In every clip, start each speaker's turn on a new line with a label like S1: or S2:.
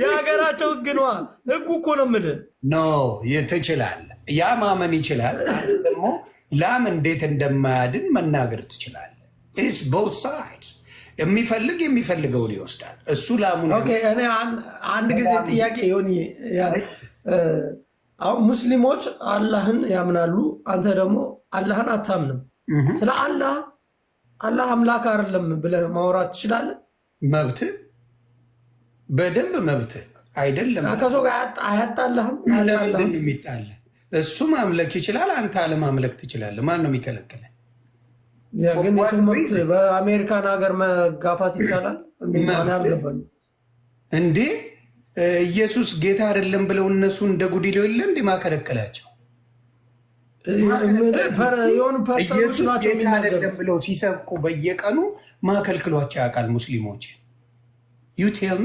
S1: የሀገራቸው ህግ ነዋ። ህጉ እኮ ነው የምልህ።
S2: ኖ ትችላል፣ ያ ማመን ይችላል። ደግሞ ላም እንዴት እንደማያድን መናገር ቦት ሳይድስ የሚፈልግ የሚፈልገውን ይወስዳል።
S1: እሱ አንድ ጊዜ ጥያቄ ሆን ሙስሊሞች አላህን ያምናሉ፣ አንተ ደግሞ አላህን አታምንም። ስለ አላህ አላህ አምላክ አይደለም ብለህ ማውራት ትችላለህ።
S2: መብት በደንብ መብት
S1: አይደለም። ከሰው ጋር አያጣላህም። ለምንድን ነው የሚጣልህ?
S2: እሱ ማምለክ ይችላል፣ አንተ አለማምለክ ትችላለህ። ማን ነው የሚከለክለ?
S1: ግን የሰው መብት በአሜሪካን ሀገር መጋፋት ይቻላል
S2: እንዴ? ኢየሱስ ጌታ አይደለም ብለው እነሱ እንደ ጉድ ይለው የለ እንዴ? ማከለከላቸው የሆኑ ፐርሰኖች ናቸው የሚናገሩት ብለው ሲሰብኩ በየቀኑ ማከልክሏቸው ያውቃል። ሙስሊሞች ዩቴልሚ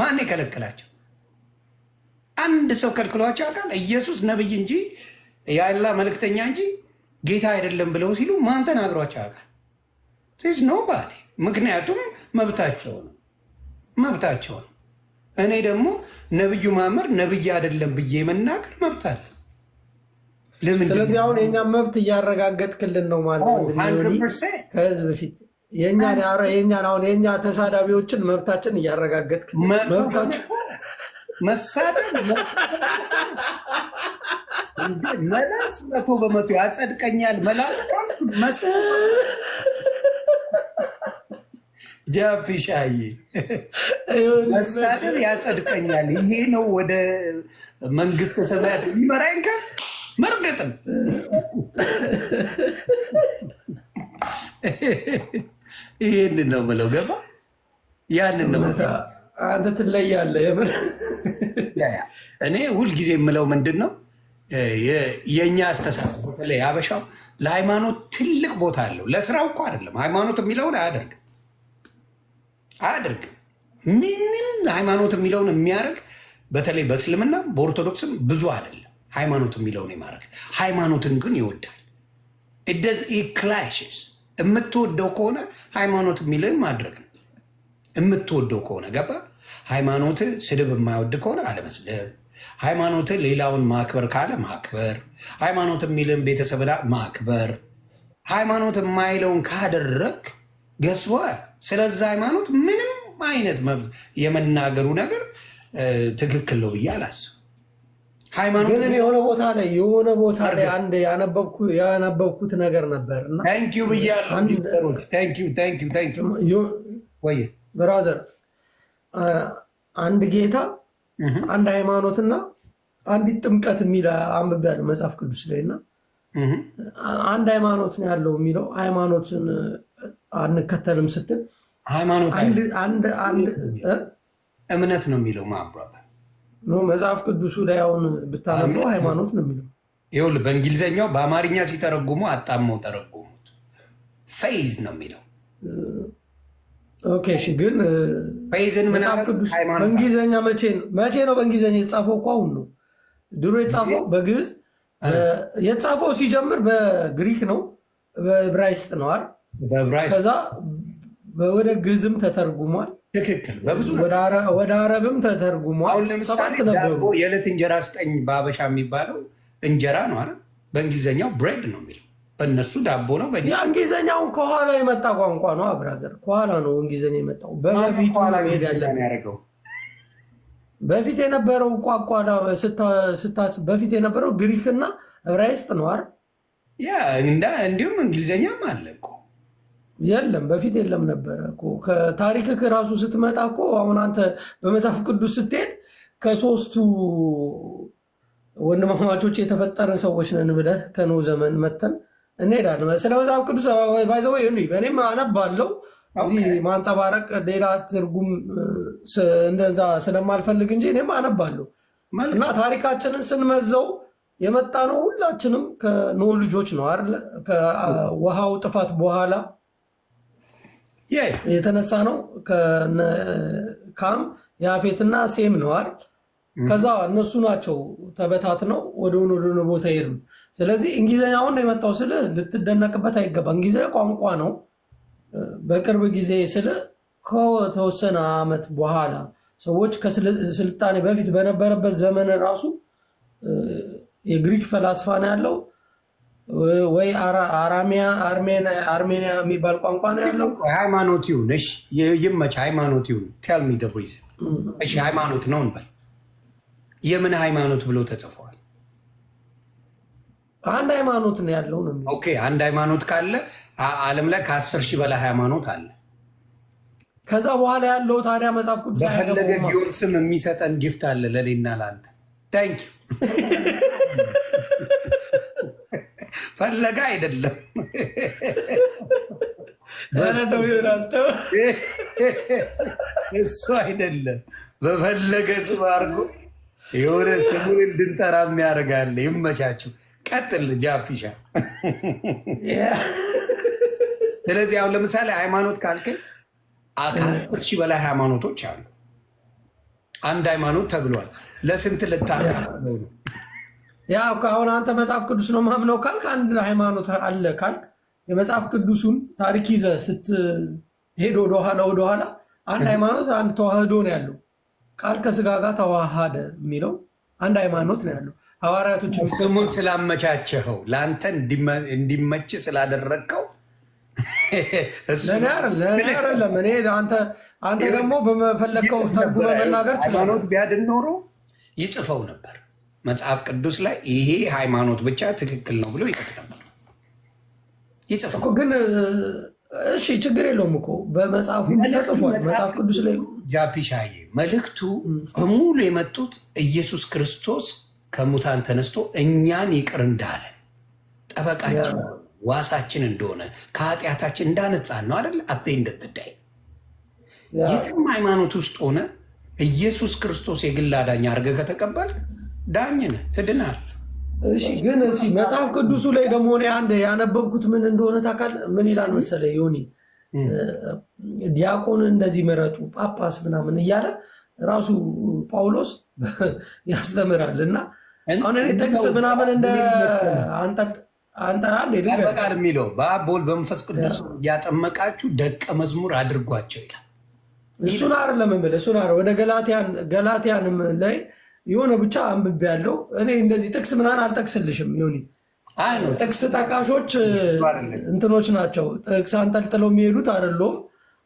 S2: ማን የከለከላቸው? አንድ ሰው ከልክሏቸው ያውቃል? ኢየሱስ ነብይ እንጂ የአላ መልእክተኛ እንጂ ጌታ አይደለም ብለው ሲሉ ማን ተናግሯቸው ያውቃል? ስ ነው ባሌ ምክንያቱም መብታቸው ነው መብታቸው ነው። እኔ ደግሞ ነብዩ ማመር ነብይ አይደለም ብዬ መናገር መብታለ
S1: ስለዚህ አሁን የኛ መብት እያረጋገጥክልን ነው ማለት ከህዝብ ፊት የኛን አሁን የኛ ተሳዳቢዎችን መብታችን እያረጋገጥክልን
S2: መብታችን መሳደብ መላስ መቶ በመቶ ያጸድቀኛል። መላስ ጃፒሻዬ መሳደብ ያጸድቀኛል። ይሄ ነው ወደ መንግስተ ሰማያት የሚመራኝ ከ አይመረጥም። ይህንን ነው የምለው። ገባ? ያንን ነው
S1: አንተ ትለያለህ። የምር
S2: እኔ ሁልጊዜ የምለው ምንድን ነው የእኛ አስተሳሰብ በተለይ ሀበሻው ለሃይማኖት ትልቅ ቦታ አለው። ለስራው እኮ አይደለም ሃይማኖት የሚለውን አያደርግም አያደርግም። ምንም ሃይማኖት የሚለውን የሚያደርግ በተለይ በእስልምና በኦርቶዶክስም ብዙ አይደለም። ሃይማኖት የሚለውን የማድረግ ሃይማኖትን ግን ይወዳል። ክላሽስ የምትወደው ከሆነ ሃይማኖት የሚልህን ማድረግ ነው። የምትወደው ከሆነ ገባ። ሃይማኖት ስድብ የማይወድ ከሆነ አለመስደብ፣ ሃይማኖት ሌላውን ማክበር ካለ ማክበር፣ ሃይማኖት የሚልን ቤተሰብ ማክበር። ሃይማኖት የማይለውን ካደረግ ገስበ ስለዛ ሃይማኖት ምንም አይነት የመናገሩ ነገር ትክክል ነው ብዬ አላስብ።
S1: ግን የሆነ ቦታ ላይ የሆነ ቦታ ላይ አንድ ያነበብኩት ነገር ነበር ብራዘር አንድ ጌታ አንድ ሃይማኖትና አንዲት ጥምቀት የሚል አንብቤያለሁ መጽሐፍ ቅዱስ ላይ እና አንድ ሃይማኖት ነው ያለው የሚለው ሃይማኖትን አንከተልም ስትል
S2: እምነት ነው የሚለው ማብራት
S1: መጽሐፍ ቅዱሱ ላይ አሁን ብታነበው ሃይማኖት ነው የሚለው።
S2: ይኸውልህ በእንግሊዘኛው በአማርኛ ሲተረጉሙ አጣመው ተረጉሙት። ፌዝ ነው የሚለው። ኦኬ እሺ። ግን ፌዝን መጽሐፍ ቅዱስ
S1: በእንግሊዘኛ መቼ ነው መቼ ነው በእንግሊዘኛ የተጻፈው? እኮ አሁን ነው። ድሮ የተጻፈው በግዕዝ የተጻፈው ሲጀምር በግሪክ ነው፣ በዕብራይስጥ ነው አይደል? ከዛ ወደ ግዕዝም ተተርጉሟል። ትክክል ወደ አረብም ተተርጉሟል።
S2: አሁን ለምሳሌ ዳቦ የዕለት እንጀራ ስጠኝ በአበሻ የሚባለው እንጀራ ነው አይደል? በእንግሊዝኛው ብሬድ ነው የሚለው በእነሱ ዳቦ ነው።
S1: እንግሊዝኛውን ከኋላ የመጣ ቋንቋ ነው። አብራዘር ከኋላ ነው እንግሊዝኛ የመጣው።
S2: በፊት ያደረገው
S1: በፊት የነበረው ቋቋዳ በፊት የነበረው ግሪክና ዕብራይስጥ ነው አይደል?
S2: እንዲሁም እንግሊዝኛም አለ እኮ
S1: የለም በፊት የለም ነበረ። ከታሪክ ራሱ ስትመጣ እኮ አሁን አንተ በመጽሐፍ ቅዱስ ስትሄድ ከሶስቱ ወንድማማቾች የተፈጠረን ሰዎች ነን ብለህ ከኖ ዘመን መተን እንሄዳለን። ስለ መጽሐፍ ቅዱስ ባይዘወ በእኔም አነባለው እዚህ ማንጸባረቅ ሌላ ትርጉም እንደዛ ስለማልፈልግ እንጂ እኔም አነባለሁ እና ታሪካችንን ስንመዘው የመጣ ነው ሁላችንም ከኖ ልጆች ነው አይደለ? ከውሃው ጥፋት በኋላ የተነሳ ነው ካም የአፌትና ሴም ነዋል። ከዛ እነሱ ናቸው ተበታት ነው ወደሆነ ወደሆነ ቦታ ይሄዱ። ስለዚህ እንግሊዝኛ አሁን የመጣው ስል ልትደነቅበት አይገባ። እንግሊዝኛ ቋንቋ ነው። በቅርብ ጊዜ ስል ከተወሰነ ዓመት በኋላ ሰዎች ከስልጣኔ በፊት በነበረበት ዘመን ራሱ የግሪክ ፈላስፋ ነው ያለው ወይ አራሚያ አርሜኒያ የሚባል ቋንቋ ነው ያለው።
S2: ሃይማኖት ይሁን እሺ፣ ይመች ሃይማኖት ይሁን ቴል ሚ ደብሪዝ እሺ፣ ሃይማኖት ነው እንበል። የምን ሃይማኖት ብሎ ተጽፈዋል?
S1: አንድ ሃይማኖት ነው ያለው ነው።
S2: ኦኬ፣ አንድ ሃይማኖት ካለ ዓለም ላይ ከአስር ሺህ በላይ ሃይማኖት አለ።
S1: ከዛ በኋላ ያለው ታዲያ መጽሐፍ
S2: ቅዱስ በፈለገ ጊዮን ስም የሚሰጠን ጊፍት አለ ለእኔና ለአንተ። ታንኪዩ ፈለገ አይደለም እሱ አይደለም። በፈለገ ስም አድርጎ የሆነ ስሙ እንድንጠራ የሚያደርጋለ። ይመቻችሁ። ቀጥል ጃፊሻ። ስለዚህ አሁን ለምሳሌ ሃይማኖት ካልክ ከአስር ሺህ በላይ ሃይማኖቶች አሉ። አንድ ሃይማኖት ተብሏል። ለስንት ልታቃ ነው?
S1: ያው ከአሁን አንተ መጽሐፍ ቅዱስ ነው ማምነው ካልክ አንድ ሃይማኖት አለ ካልክ የመጽሐፍ ቅዱሱን ታሪክ ይዘ ስትሄድ ወደኋላ ወደኋላ አንድ ሃይማኖት አንድ ተዋህዶ ነው ያለው። ቃል ከስጋ ጋር ተዋሃደ የሚለው አንድ ሃይማኖት ነው ያለው። ሐዋርያቶች
S2: ስሙን ስላመቻቸኸው ለአንተ እንዲመች ስላደረግከው
S1: አይደለም። እኔ አንተ አንተ ደግሞ በመፈለግከው ተርጉመህ መናገር
S2: ችላለህ። ቢያድን ኖሮ ይጽፈው ነበር። መጽሐፍ ቅዱስ ላይ ይሄ ሃይማኖት ብቻ ትክክል ነው ብሎ ይጽፍ ነበር።
S1: ይጽፍ ግን እሺ፣ ችግር የለውም እኮ በመጽሐፉ ተጽፏል። መጽሐፍ ቅዱስ ላይ
S2: ጃፒሻዬ መልእክቱ በሙሉ የመጡት ኢየሱስ ክርስቶስ ከሙታን ተነስቶ እኛን ይቅር እንዳለ ጠበቃችን ዋሳችን እንደሆነ ከኃጢአታችን እንዳነጻን ነው አደለ? አቴ እንደትዳይ የትም ሃይማኖት ውስጥ ሆነ ኢየሱስ ክርስቶስ የግል አዳኝ አድርገህ ከተቀበል ዳኝን ትድናል።
S1: እሺ ግን እ መጽሐፍ ቅዱሱ ላይ ደግሞ አንድ ያነበብኩት ምን እንደሆነ ታውቃለህ? ምን ይላል መሰለህ ዮኒ ዲያቆን እንደዚህ መረጡ ጳጳስ ምናምን እያለ ራሱ ጳውሎስ ያስተምራል። እና አሁን እኔ ጥቅስ ምናምን እንደ አንጠልጥበቃል
S2: የሚለው በአብ በወልድ በመንፈስ ቅዱስ እያጠመቃችሁ ደቀ መዝሙር አድርጓቸው ይላል።
S1: እሱን አር የምልህ እሱን ወደ ገላትያን ገላትያንም ላይ የሆነ ብቻ አንብቤ ያለው እኔ እንደዚህ ጥቅስ ምናን አልጠቅስልሽም። ዮኒ ጥቅስ ጠቃሾች እንትኖች ናቸው። ጥቅስ አንጠልጥለው የሚሄዱት አይደለም።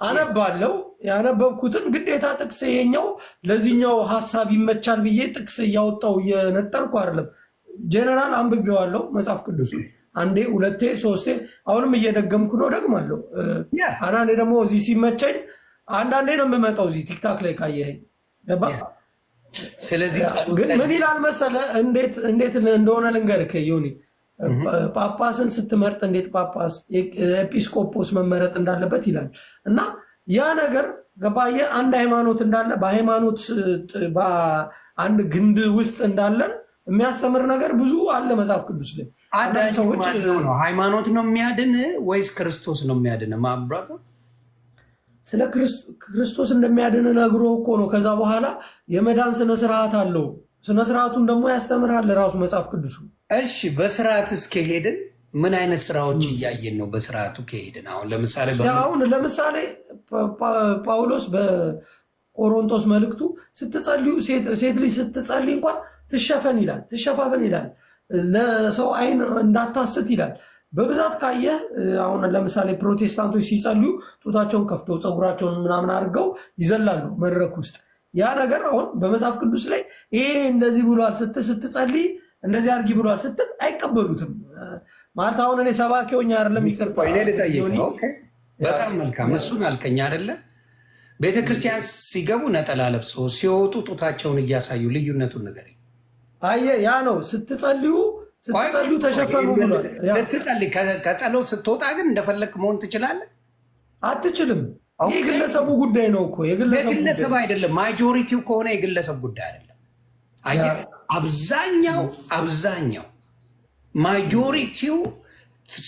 S1: አነባለው ያነበብኩትን ግዴታ ጥቅስ ይሄኛው ለዚህኛው ሀሳብ ይመቻል ብዬ ጥቅስ እያወጣው እየነጠልኩ አይደለም። ጀነራል አንብቤዋለው መጽሐፍ ቅዱስ አንዴ ሁለቴ ሶስቴ፣ አሁንም እየደገምኩ ነው፣ ደግማለሁ። አንዳንዴ ደግሞ እዚህ ሲመቸኝ፣ አንዳንዴ ነው የምመጣው እዚህ ቲክታክ ላይ ካየኸኝ ስለዚህ ግን ምን ይላል መሰለ፣ እንዴት እንደሆነ ልንገርህ ዮኒ ጳጳስን ስትመርጥ እንዴት ጳጳስ ኤጲስቆጶስ መመረጥ እንዳለበት ይላል እና ያ ነገር ገባየ አንድ ሃይማኖት እንዳለ በሃይማኖት አንድ ግንድ ውስጥ እንዳለን የሚያስተምር ነገር ብዙ አለ መጽሐፍ ቅዱስ ላይ።
S2: አንዳንድ ሰዎች ሃይማኖት ነው የሚያድን ወይስ ክርስቶስ ነው የሚያድን ማብራቱ
S1: ስለ ክርስቶስ እንደሚያድን ነግሮ እኮ ነው። ከዛ በኋላ የመዳን ስነስርዓት አለው። ስነስርዓቱን ደግሞ ያስተምራል ራሱ መጽሐፍ ቅዱሱ።
S2: እሺ በስርዓት እስከሄድን ምን አይነት ስራዎች እያየን ነው? በስርዓቱ ከሄድን አሁን ለምሳሌ
S1: አሁን ለምሳሌ ጳውሎስ በቆሮንቶስ መልእክቱ ስትጸልዩ ሴት ልጅ ስትጸልይ እንኳን ትሸፈን ይላል፣ ትሸፋፈን ይላል፣ ለሰው አይን እንዳታስት ይላል። በብዛት ካየ አሁን ለምሳሌ ፕሮቴስታንቶች ሲጸልዩ ጡታቸውን ከፍተው ፀጉራቸውን ምናምን አድርገው ይዘላሉ መድረክ ውስጥ። ያ ነገር አሁን በመጽሐፍ ቅዱስ ላይ ይሄ እንደዚህ ብሏል ስትል ስትጸልይ እንደዚህ አድርጊ ብሏል ስትል አይቀበሉትም። ማለት አሁን እኔ ሰባኪውኝ አይደለም
S2: ይቅርታ፣ በጣም መልካም እሱን አልከኝ አይደለ? ቤተክርስቲያን ሲገቡ ነጠላ ለብሶ ሲወጡ ጡታቸውን እያሳዩ ልዩነቱን ነገር
S1: አየ ያ ነው ስትጸልዩ ስትጸሉ ተሸፈኑ ብሏል።
S2: ልትጸልይ ከጸሎት ስትወጣ ግን እንደፈለግ መሆን ትችላለህ
S1: አትችልም። የግለሰቡ ጉዳይ ነው እኮ
S2: የግለሰብ አይደለም። ማጆሪቲው ከሆነ የግለሰብ ጉዳይ አይደለም። አብዛኛው አብዛኛው ማጆሪቲው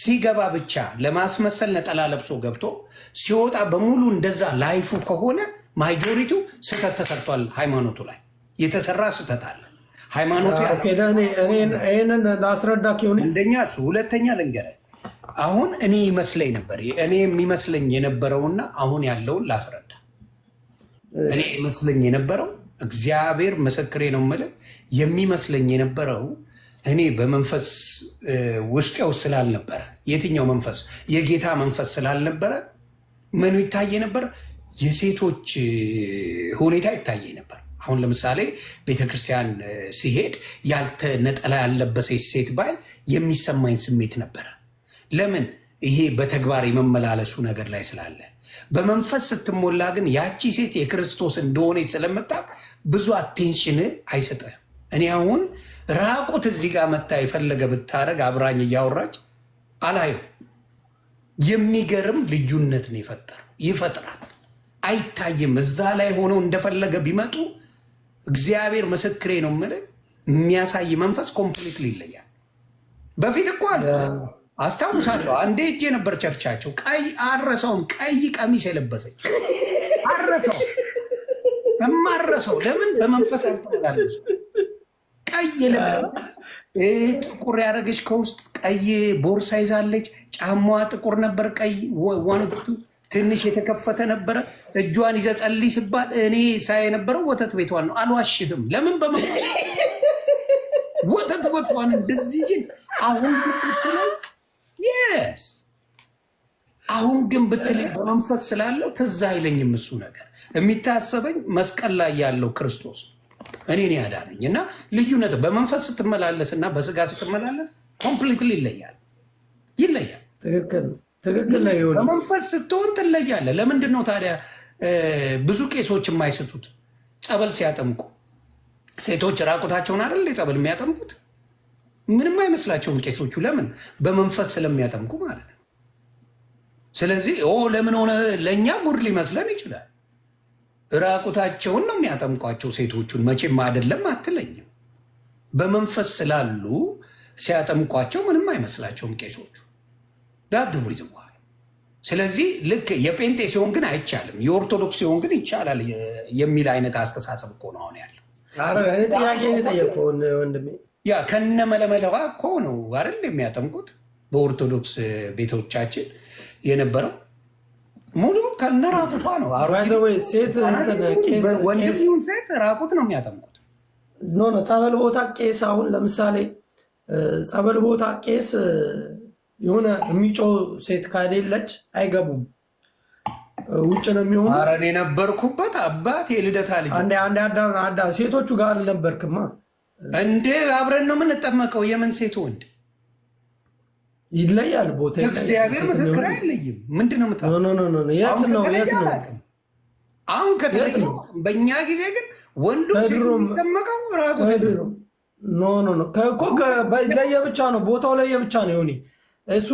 S2: ሲገባ ብቻ ለማስመሰል ነጠላ ለብሶ ገብቶ ሲወጣ በሙሉ እንደዛ ላይፉ ከሆነ ማጆሪቲው ስህተት ተሰርቷል። ሃይማኖቱ ላይ የተሰራ ስህተት አለ።
S1: ሃይማኖት ይህንን ላስረዳ ሆነ
S2: አንደኛ እሱ ሁለተኛ ልንገረ አሁን እኔ ይመስለኝ ነበር እኔ የሚመስለኝ የነበረውና አሁን ያለውን ላስረዳ እኔ ይመስለኝ የነበረው እግዚአብሔር ምስክሬ ነው የምልህ የሚመስለኝ የነበረው እኔ በመንፈስ ውስጤው ስላልነበረ የትኛው መንፈስ የጌታ መንፈስ ስላልነበረ ምኑ ይታየ ነበር የሴቶች ሁኔታ ይታየ ነበር አሁን ለምሳሌ ቤተክርስቲያን ሲሄድ ያልተ ነጠላ ያለበሰች ሴት ባይ የሚሰማኝ ስሜት ነበረ። ለምን? ይሄ በተግባር የመመላለሱ ነገር ላይ ስላለ። በመንፈስ ስትሞላ ግን ያቺ ሴት የክርስቶስ እንደሆነች ስለምታውቅ ብዙ አቴንሽን አይሰጥም እኔ አሁን ራቁት እዚህ ጋር መታ የፈለገ ብታደረግ አብራኝ እያወራች አላየው። የሚገርም ልዩነት ነው የፈጠረው ይፈጥራል አይታይም። እዛ ላይ ሆነው እንደፈለገ ቢመጡ እግዚአብሔር ምስክሬ ነው የምልህ የሚያሳይ መንፈስ ኮምፕሊትሊ ይለያል። በፊት እኮ አለ አስታውሳለሁ። አንዴ እጄ ነበር ቸርቻቸው ቀይ አረሰውም ቀይ ቀሚስ የለበሰኝ አረሰው የማረሰው ለምን በመንፈስ አልተላለች ቀይ ጥቁር ያደረገች ከውስጥ ቀይ ቦርሳ ይዛለች። ጫማዋ ጥቁር ነበር ቀይ ዋንቱ ትንሽ የተከፈተ ነበረ። እጇን ይዘ ጸልይ ሲባል እኔ ሳይ የነበረው ወተት ቤቷን ነው። አልዋሽድም። ለምን በመ ወተት ቤቷን እንደዚህ አሁን ስ አሁን ግን ብትል በመንፈስ ስላለው ትዝ አይለኝም እሱ ነገር የሚታሰበኝ መስቀል ላይ ያለው ክርስቶስ እኔን ያዳነኝ እና ልዩነት በመንፈስ ስትመላለስ እና በስጋ ስትመላለስ ኮምፕሊትሊ ይለያል ይለያል። ትክክል ነው። ትክክል ነው። ይሆ በመንፈስ ስትሆን ትለያለህ። ለምንድን ነው ታዲያ ብዙ ቄሶች የማይስቱት? ጸበል ሲያጠምቁ ሴቶች ራቁታቸውን አይደል ጸበል የሚያጠምቁት? ምንም አይመስላቸውም ቄሶቹ። ለምን? በመንፈስ ስለሚያጠምቁ ማለት ነው። ስለዚህ ኦ ለምን ሆነ ለእኛ ጉድ ሊመስለን ይችላል። ራቁታቸውን ነው የሚያጠምቋቸው ሴቶቹን። መቼም አይደለም አትለኝም። በመንፈስ ስላሉ ሲያጠምቋቸው ምንም አይመስላቸውም ቄሶቹ። ዳት ዘ ዋይ። ስለዚህ ልክ የጴንጤ ሲሆን ግን አይቻልም፣ የኦርቶዶክስ ሲሆን ግን ይቻላል የሚል አይነት አስተሳሰብ እኮ ነው አሁን ያለው። ያ ከነ መለመለዋ እኮ ነው አይደል የሚያጠምቁት በኦርቶዶክስ ቤቶቻችን የነበረው ሙሉ ከነ ራቁቷ ነው።
S1: ሴት ራቁት ነው የሚያጠምቁት። ኖ ጸበል ቦታ ቄስ አሁን ለምሳሌ ጸበል ቦታ ቄስ የሆነ የሚጮ ሴት ካሌለች አይገቡም። ውጭ ነው የሚሆኑ።
S2: ኧረ እኔ ነበርኩበት አባት የልደታ ልጅ
S1: ሴቶቹ ጋር አልነበርክማ
S2: እንዴ? አብረን ነው የምንጠመቀው። የምን ሴት ወንድ ይለያል። ቦታ እግዚአብሔር ምስክር አይለይም። ምንድን ነው አሁን ከተለየ። በእኛ ጊዜ ግን ወንዱ የሚጠመቀው ራቁ
S1: ኖ ኖ ለየብቻ ነው ቦታው ለየብቻ ነው ሆኔ እሱ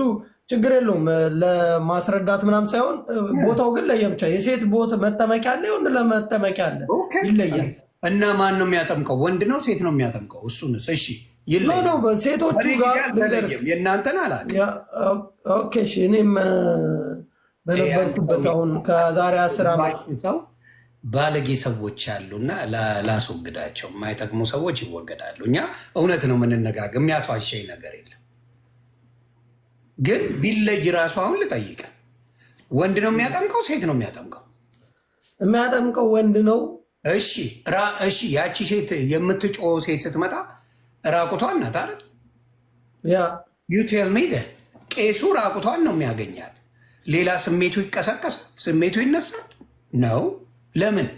S1: ችግር የለውም ለማስረዳት ምናምን ሳይሆን ቦታው ግን ለየብቻ የሴት ቦታ መጠመቂያ አለ፣ የወንድ ለመጠመቂያ አለ፣
S2: ይለያል። እና ማን ነው የሚያጠምቀው? ወንድ ነው ሴት ነው የሚያጠምቀው? እሱ ነው። እሺ
S1: ሴቶቹ ጋር የእናንተን አላ እኔም በነበርኩበት አሁን ከዛሬ አስር ዓመት ሰው
S2: ባለጌ ሰዎች ያሉና ላስወግዳቸው። የማይጠቅሙ ሰዎች ይወገዳሉ። እኛ እውነት ነው የምንነጋገር፣ የሚያስዋሸኝ ነገር የለም። ግን ቢለይ ራሱ አሁን ልጠይቀ ወንድ ነው የሚያጠምቀው ሴት ነው የሚያጠምቀው?
S1: የሚያጠምቀው ወንድ ነው።
S2: እሺ እሺ፣ ያቺ ሴት የምትጮ ሴት ስትመጣ ራቁቷን ናት አይደል? ያ ዩ ቴል ሚ ቄሱ ራቁቷን ነው የሚያገኛት። ሌላ ስሜቱ ይቀሰቀሳል፣ ስሜቱ ይነሳል ነው። ለምን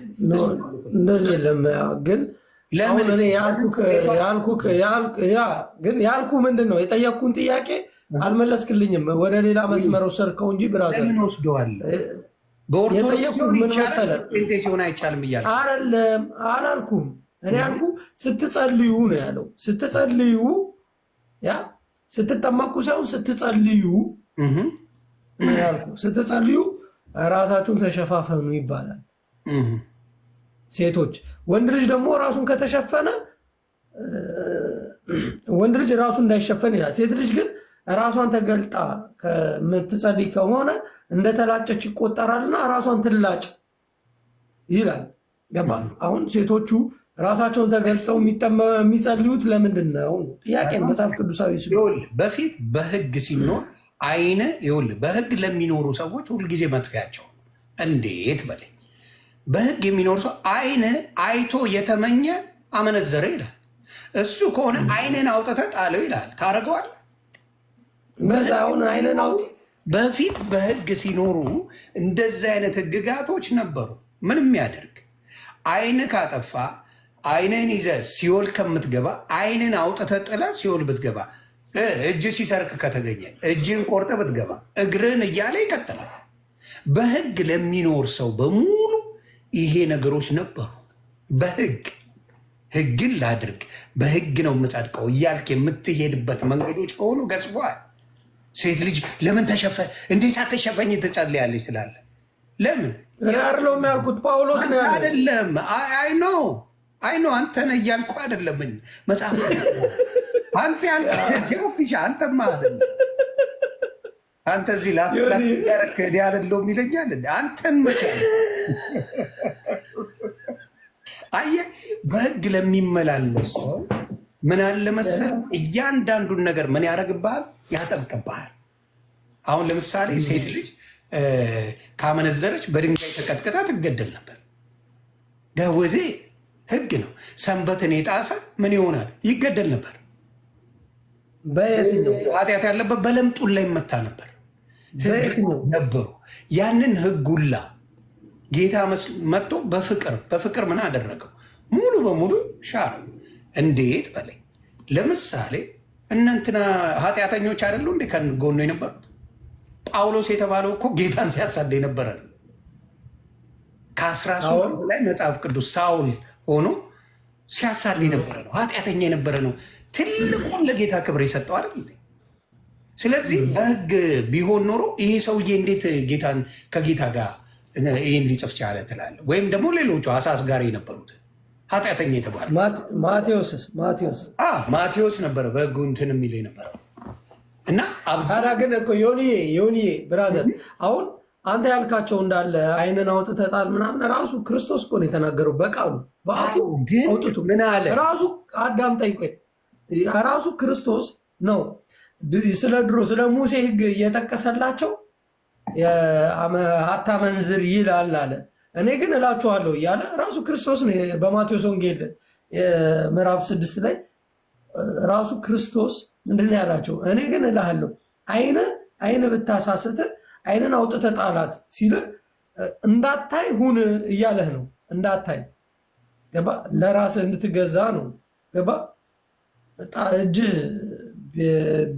S1: እንደዚህ የለም። ግን ለምን ያልኩ ምንድን ነው የጠየቅኩን ጥያቄ አልመለስክልኝም። ወደ ሌላ መስመር ወሰድከው እንጂ ብራዘር ለምን ሲሆን አይቻልም እያለ አይደለም አላልኩም። እኔ ያልኩህ ስትጸልዩ ነው ያለው። ስትጸልዩ ያ ስትጠመቁ ሳይሆን ስትጸልዩ ያልኩህ ስትጸልዩ ራሳችሁን ተሸፋፈኑ ይባላል። ሴቶች ወንድ ልጅ ደግሞ ራሱን ከተሸፈነ ወንድ ልጅ ራሱን እንዳይሸፈን ይላል። ሴት ልጅ ግን ራሷን ተገልጣ ከምትጸልይ ከሆነ እንደተላጨች ይቆጠራልና ራሷን ትላጭ ይላል። ገባ? አሁን ሴቶቹ ራሳቸውን ተገልጠው የሚጸልዩት ለምንድን ነው? ጥያቄ መጽሐፍ ቅዱሳዊ
S2: በፊት በህግ ሲኖር አይነ ይሁል በህግ ለሚኖሩ ሰዎች ሁልጊዜ መጥፊያቸው እንዴት በለኝ። በህግ የሚኖር ሰው አይን አይቶ የተመኘ አመነዘረ ይላል። እሱ ከሆነ አይንን አውጥተህ ጣለው ይላል። ታደርገዋል አሁን አይንን በፊት በህግ ሲኖሩ እንደዚህ አይነት ህግጋቶች ነበሩ። ምንም ያደርግ አይን ካጠፋ አይንን ይዘ ሲኦል ከምትገባ አይንን አውጥተ ጥለ ሲኦል ብትገባ፣ እጅ ሲሰርቅ ከተገኘ እጅን ቆርጠ ብትገባ፣ እግርን እያለ ይቀጥላል። በህግ ለሚኖር ሰው በሙሉ ይሄ ነገሮች ነበሩ። በህግ ህግን ላድርግ፣ በህግ ነው የምጸድቀው እያልክ የምትሄድበት መንገዶች ከሆኑ ገጽፏል። ሴት ልጅ ለምን ተሸፈ እንዴት አትሸፈኝ ትጸልያለች ስላለ ለምን
S1: ያርሎም የሚያልኩት ጳውሎስ ነው ያለ አይደለም።
S2: አይ ኖ አይ ኖ አንተ ነህ እያልኩ አይደለም። መጽሐፍ አንተ ያልክ ያልጃፍሻ አንተማ አይደለም አንተ እዚህ ላስላያረክ እኔ አይደለሁም ይለኛል። አንተን መቻ አየህ በህግ ለሚመላለስ ሰው ምን አለ መሰል እያንዳንዱን ነገር ምን ያደርግብሃል? ያጠብቅብሃል። አሁን ለምሳሌ ሴት ልጅ ካመነዘረች በድንጋይ ተቀጥቅጣ ትገደል ነበር። ደወዜ ህግ ነው። ሰንበትን የጣሰ ምን ይሆናል? ይገደል ነበር። ኃጢአት ያለበት በለምጡን ላይ መታ ነበር። ህግ ነበሩ። ያንን ህጉላ ጌታ መጥቶ በፍቅር በፍቅር ምን አደረገው? ሙሉ በሙሉ ሻር እንዴት በለኝ። ለምሳሌ እነንትና ኃጢአተኞች አይደሉ እንዴ ከጎኑ የነበሩት? ጳውሎስ የተባለው እኮ ጌታን ሲያሳደ የነበረ ነው። ከአስራ ሦስት ላይ መጽሐፍ ቅዱስ ሳውል ሆኖ ሲያሳድ የነበረ ነው። ኃጢአተኛ የነበረ ነው። ትልቁን ለጌታ ክብር የሰጠው አይደል? ስለዚህ በህግ ቢሆን ኖሮ ይሄ ሰውዬ እንዴት ጌታን ከጌታ ጋር ይህን ሊጽፍ ቻለ ትላለህ? ወይም ደግሞ ሌሎቹ አሳስ ጋር የነበሩትን ኃጢአተኛ የተባለ
S1: ማቴዎስስ ማቴዎስ
S2: ማቴዎስ ነበረ በህጉ እንትን የሚል ነበረ
S1: እና አብዛና ግን እኮ ዮኒዬ ዮኒዬ ብራዘር አሁን አንተ ያልካቸው እንዳለ አይንን አውጥተጣል ምናምን ራሱ ክርስቶስ እኮ ነው የተናገረው። በቃሉ በአፉ አውጥቱ ምን አለ ራሱ አዳም ጠይቆኝ ራሱ ክርስቶስ ነው ስለ ድሮ ስለ ሙሴ ህግ እየጠቀሰላቸው አታመንዝር ይላል አለ እኔ ግን እላችኋለሁ እያለ ራሱ ክርስቶስ ነው። በማቴዎስ ወንጌል ምዕራፍ ስድስት ላይ ራሱ ክርስቶስ ምንድን ነው ያላቸው? እኔ ግን እልሃለሁ አይነ አይነ ብታሳስት አይንን አውጥተህ ጣላት ሲል እንዳታይ ሁን እያለህ ነው። እንዳታይ ገባ? ለራስህ እንድትገዛ ነው። ገባ? እጅ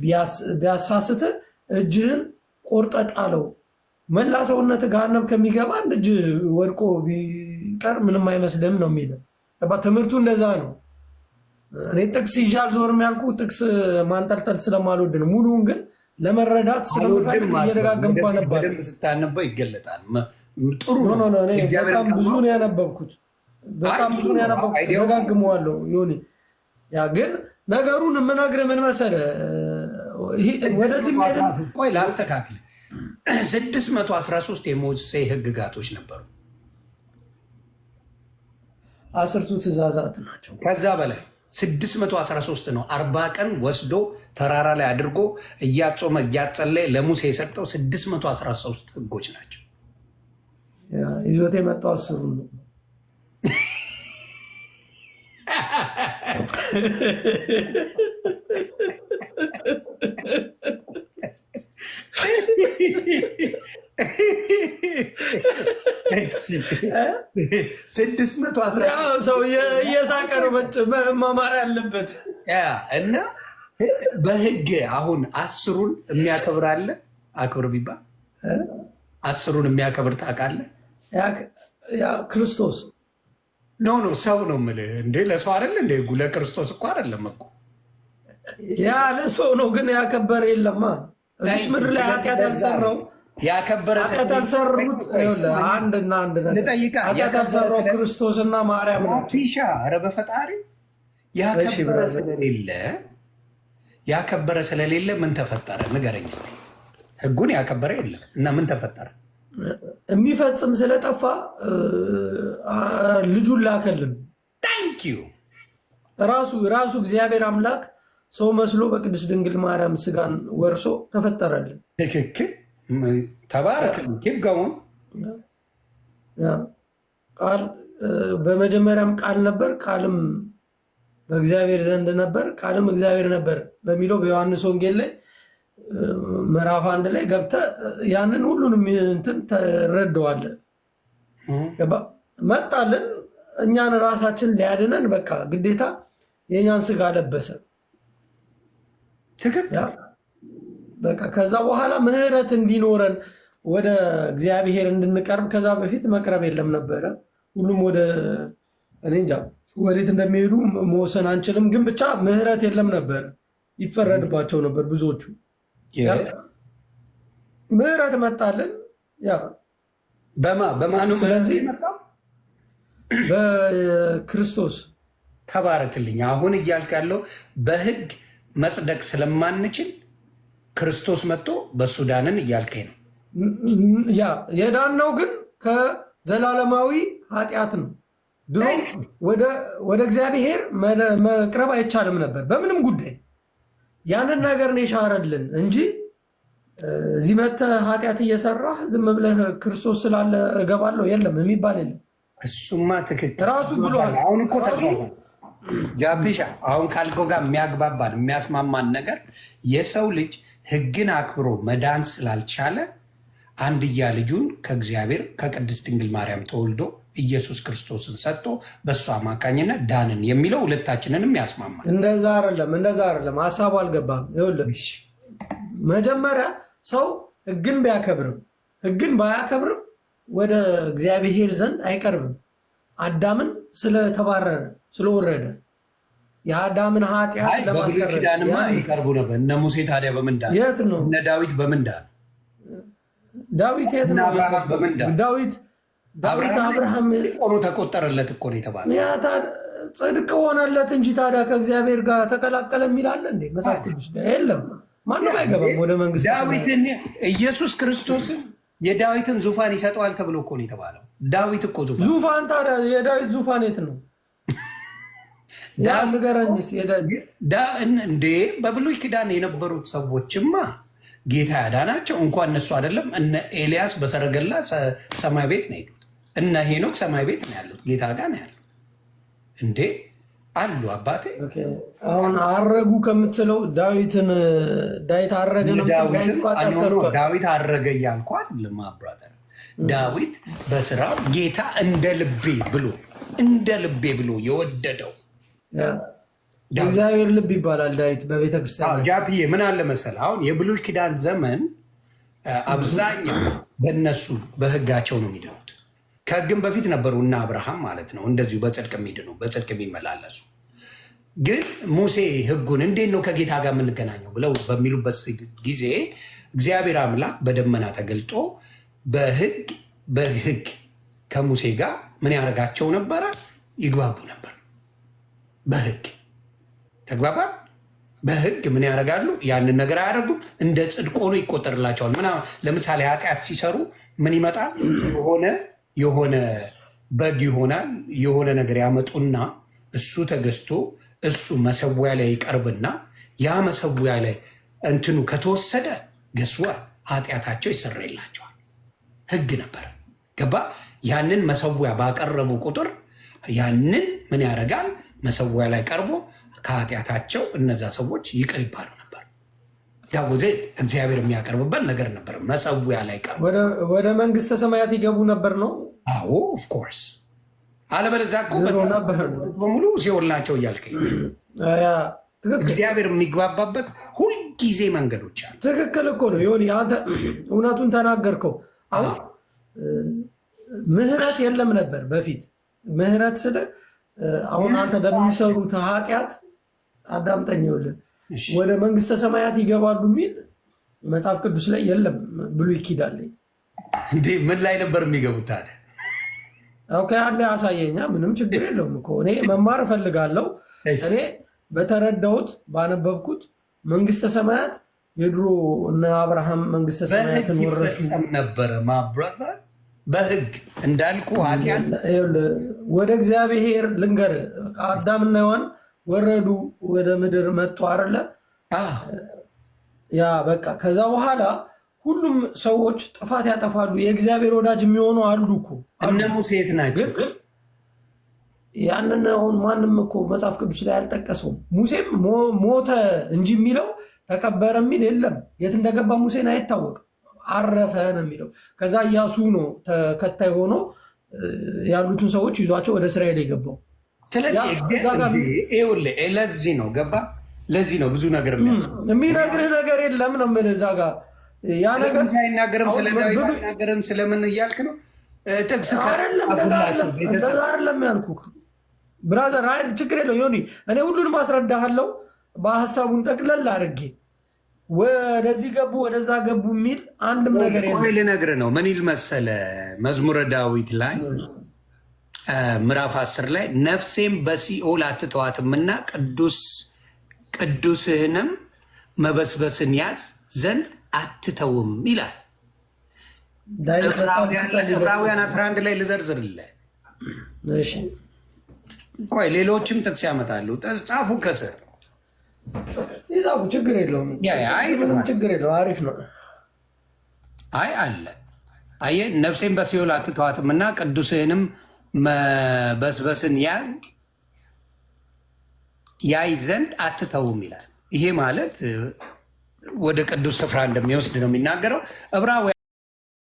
S1: ቢያሳስትህ እጅህን ቆርጠጣለው። ጣለው መላ ሰውነት ገሃነም ከሚገባ አንድ እጅ ወድቆ ቢቀር ምንም አይመስልም ነው የሚል ትምህርቱ እንደዛ ነው። እኔ ጥቅስ ይዤ አልዞርም ያልኩ ጥቅስ ማንጠልጠል ስለማልወድ ነው። ሙሉውን ግን ለመረዳት ስለምፈልግ እየደጋገምኩ አነባለሁ። ስታነበው ይገለጣል። ጥሩ በጣም ብዙ ነው ያነበብኩት። በጣም ብዙ ነው ያነበብኩት። ደጋግመዋለሁ። ሆኔ ያ ግን ነገሩን የምነግርህ ምን መሰለህ ወደዚህ
S2: ቆይ ላስተካክል 613 የሞሴ ህግጋቶች ነበሩ።
S1: አስርቱ ትእዛዛት ናቸው።
S2: ከዛ በላይ 613 ነው። አርባ ቀን ወስዶ ተራራ ላይ አድርጎ እያጾመ እያጸለየ ለሙሴ የሰጠው 613 ህጎች ናቸው።
S1: ይዞት የመጣው አስሩ ነው።
S2: ስድስት መቶ አስራ
S1: ሰው እየሳቀ ነው መማር ያለበት
S2: እና በህግ አሁን አስሩን የሚያከብር አለ አክብር ቢባል አስሩን የሚያከብር ታውቃለህ? ክርስቶስ ኖ ኖ ሰው ነው የምልህ። እንዴ ለሰው አይደለ እንደ እንዴ? ለክርስቶስ እኮ አይደለም እኮ
S1: ያ ለሰው ነው፣ ግን ያከበረ የለማ እዚች ምድር ላይ ኃጢአት ያልሰራው
S2: ያከበረ ኃጢአት ያልሰሩት
S1: እና አንድ ነገር ኃጢአት ያልሰራው ክርስቶስና ማርያም
S2: ሻ ኧረ በፈጣሪ ያከበረ ስለሌለ ያከበረ ስለሌለ ምን ተፈጠረ? ንገረኝ እስኪ። ህጉን ያከበረ የለም እና ምን ተፈጠረ?
S1: የሚፈጽም ስለጠፋ ልጁን ላከልን። ታንኪዩ ራሱ ራሱ እግዚአብሔር አምላክ ሰው መስሎ በቅድስት ድንግል ማርያም ስጋን ወርሶ ተፈጠረልን።
S2: ትክክል። ተባረክ።
S1: ቃል በመጀመሪያም ቃል ነበር፣ ቃልም በእግዚአብሔር ዘንድ ነበር፣ ቃልም እግዚአብሔር ነበር በሚለው በዮሐንስ ወንጌል ላይ ምዕራፍ አንድ ላይ ገብተ ያንን ሁሉንም እንትን ተረደዋለን። መጣልን እኛን ራሳችን ሊያድነን በቃ ግዴታ የእኛን ስጋ ለበሰ። ትክክል። በቃ ከዛ በኋላ ምህረት እንዲኖረን ወደ እግዚአብሔር እንድንቀርብ ከዛ በፊት መቅረብ የለም ነበረ። ሁሉም ወደ እኔ እንጃ ወዴት እንደሚሄዱ መወሰን አንችልም። ግን ብቻ ምህረት የለም ነበር፣ ይፈረድባቸው ነበር ብዙዎቹ። ምህረት መጣልን።
S2: በማ በማኑ ስለዚህ
S1: በክርስቶስ
S2: ተባረክልኝ። አሁን እያልክ ያለው በህግ መጽደቅ ስለማንችል ክርስቶስ መጥቶ በሱዳንን እያልከኝ ነው።
S1: ያ የዳነው ግን ከዘላለማዊ ኃጢአት ነው። ወደ እግዚአብሔር መቅረብ አይቻልም ነበር በምንም ጉዳይ። ያንን ነገር ነው የሻረልን እንጂ እዚህ መጥተህ ኃጢአት እየሰራህ ዝም ብለህ ክርስቶስ ስላለ እገባለሁ የለም የሚባል የለም። እሱማ ትክክል ራሱ ብሏል።
S2: ጋቢሻ አሁን ካልከው ጋር የሚያግባባን የሚያስማማን ነገር የሰው ልጅ ህግን አክብሮ መዳን ስላልቻለ አንድያ ልጁን ከእግዚአብሔር ከቅድስት ድንግል ማርያም ተወልዶ ኢየሱስ ክርስቶስን ሰጥቶ በእሱ አማካኝነት ዳንን የሚለው ሁለታችንንም ያስማማል።
S1: እንደዛ አይደለም፣ እንደዛ አይደለም። ሀሳቡ አልገባም። ይኸውልህ መጀመሪያ ሰው ህግን ቢያከብርም ህግን ባያከብርም ወደ እግዚአብሔር ዘንድ አይቀርብም። አዳምን ስለተባረረ ስለወረደ የአዳምን ኃጢአት ለማሰረድ ይቀርቡ ነበር። እነ ሙሴ ታዲያ በምንዳ የት ነው? እነ ዳዊት በምንዳ ዳዊት የት ነው? ዳዊት ዳዊት አብርሃም ሆኖ ተቆጠረለት እኮ ነው የተባለ ጽድቅ ሆነለት እንጂ ታዲያ ከእግዚአብሔር ጋር ተቀላቀለ የሚላለ እንዴ? መጽሐፍ ቅዱስ የለም። ማንም አይገባም ወደ መንግስት። ዳዊትን
S2: ኢየሱስ ክርስቶስን የዳዊትን ዙፋን ይሰጠዋል ተብሎ እኮ ነው የተባለው። ዳዊት እኮ
S1: ዙፋን ታዲያ የዳዊት ዙፋን የት ነው?
S2: እንዴ በብሉይ ኪዳን የነበሩት ሰዎችማ ጌታ ያዳናቸው እንኳን እነሱ አይደለም። እነ ኤልያስ በሰረገላ ሰማይ ቤት ነው ሄዱት። እነ ሄኖክ ሰማይ ቤት ነው ያሉት፣ ጌታ ጋር ነው ያሉት። እንዴ አሉ አባቴ።
S1: አሁን አረጉ ከምትለው ዳዊትን ዳዊት አረገ ዳዊት አረገ እያልኩ አይደለም አብራተር ዳዊት በስራው ጌታ እንደ ልቤ ብሎ እንደ ልቤ ብሎ የወደደው እግዚአብሔር ልብ ይባላል። ዳዊት በቤተክርስቲያን
S2: ጃፕዬ ምን አለ መሰለህ፣ አሁን የብሉይ ኪዳን ዘመን አብዛኛው በነሱ በህጋቸው ነው የሚድኑት። ከህግም በፊት ነበሩ እና አብርሃም ማለት ነው እንደዚሁ በጽድቅ የሚድኑ በጽድቅ የሚመላለሱ ግን ሙሴ ህጉን እንዴት ነው ከጌታ ጋር የምንገናኘው ብለው በሚሉበት ጊዜ እግዚአብሔር አምላክ በደመና ተገልጦ በህግ በህግ ከሙሴ ጋር ምን ያደርጋቸው ነበረ? ይግባቡ ነበር። በህግ ተግባባል። በህግ ምን ያደርጋሉ? ያንን ነገር አያደርጉም። እንደ ጽድቅ ሆኖ ይቆጠርላቸዋል። ምናምን ለምሳሌ ኃጢአት ሲሰሩ ምን ይመጣል? የሆነ የሆነ በግ ይሆናል የሆነ ነገር ያመጡና እሱ ተገዝቶ እሱ መሰዊያ ላይ ይቀርብና ያ መሰዊያ ላይ እንትኑ ከተወሰደ ገስዋ ኃጢአታቸው ይሰረይላቸዋል። ህግ ነበር ገባ። ያንን መሰዊያ ባቀረቡ ቁጥር ያንን ምን ያደርጋል መሰዊያ ላይ ቀርቦ ከኃጢአታቸው እነዛ ሰዎች ይቅር ይባሉ ነበር። ያ እግዚአብሔር የሚያቀርብበት ነገር ነበር። መሰዊያ ላይ ቀርቦ
S1: ወደ መንግስተ ሰማያት ይገቡ ነበር ነው።
S2: አዎ ኦፍኮርስ። አለበለዚያ እኮ በሙሉ ሲኦል ናቸው እያልከኝ እግዚአብሔር የሚግባባበት ሁልጊዜ መንገዶች አሉ።
S1: ትክክል እኮ ነው። ሆን አንተ እውነቱን ተናገርከው። አሁን ምህረት የለም ነበር በፊት ምህረት ስለ አሁን አንተ ለሚሰሩት ኃጢአት አዳምጠኝ፣ ይኸውልህ ወደ መንግስተ ሰማያት ይገባሉ የሚል መጽሐፍ ቅዱስ ላይ የለም። ብሎ ኪዳን
S2: እንዴ ምን ላይ ነበር የሚገቡት ታዲያ?
S1: ኦኬ አሳየኛ። ምንም ችግር የለውም እኮ እኔ መማር እፈልጋለሁ። እኔ በተረዳሁት ባነበብኩት መንግስተ ሰማያት የድሮ እነ አብርሃም መንግስተ
S2: ሰማያትን ወረሱ ነበረ ማብራታ በህግ እንዳልኩ ኃጢአት
S1: ወደ እግዚአብሔር ልንገር አዳምና ሔዋን ወረዱ ወደ ምድር መጥቶ አለ ያ በቃ ከዛ በኋላ ሁሉም ሰዎች ጥፋት ያጠፋሉ። የእግዚአብሔር ወዳጅ የሚሆኑ አሉ እኮ
S2: እነ ሙሴት ናቸው።
S1: ያንን አሁን ማንም እኮ መጽሐፍ ቅዱስ ላይ አልጠቀሰውም። ሙሴም ሞተ እንጂ የሚለው ተቀበረ የሚል የለም። የት እንደገባ ሙሴን አይታወቅም። አረፈ ነው የሚለው። ከዛ እያሱ ነው ተከታይ ሆኖ ያሉትን ሰዎች ይዟቸው ወደ እስራኤል የገባው።
S2: ስለዚህ ለዚህ ነው ገባ። ለዚህ ነው ብዙ ነገር
S1: የሚነግርህ ነገር የለም ነው የምልህ። እዛ ጋ ያ ነገር ሳይናገርም ስለምን እያልክ ነው ጥቅስ አይደለም ያልኩህ ብራዘር፣ ችግር የለው ሆኒ እኔ ሁሉንም አስረዳሃለው በሀሳቡን ጠቅለል አድርጌ ወደዚህ ገቡ ወደዛ ገቡ የሚል አንድም ነገር ልነግርህ ነው። ምን ይል መሰለ መዝሙረ ዳዊት ላይ ምዕራፍ አስር ላይ ነፍሴም በሲኦል አትተዋትምና ቅዱስ ቅዱስህንም መበስበስን ያዝ ዘንድ አትተውም ይላል። ዕብራውያን አስራ አንድ ላይ ልዘርዝርልህ። ሌሎችም ጥቅስ ያመጣሉ። ጻፉ ከስር የጻፉ ችግር የለውም፣ ችግር የለውም። አሪፍ ነው።
S2: አይ አለ አየ ነፍሴን በሲኦል አትተዋትም እና ቅዱስህንም መበስበስን ያይ ዘንድ አትተውም ይላል። ይሄ ማለት ወደ ቅዱስ ስፍራ እንደሚወስድ ነው የሚናገረው እብራ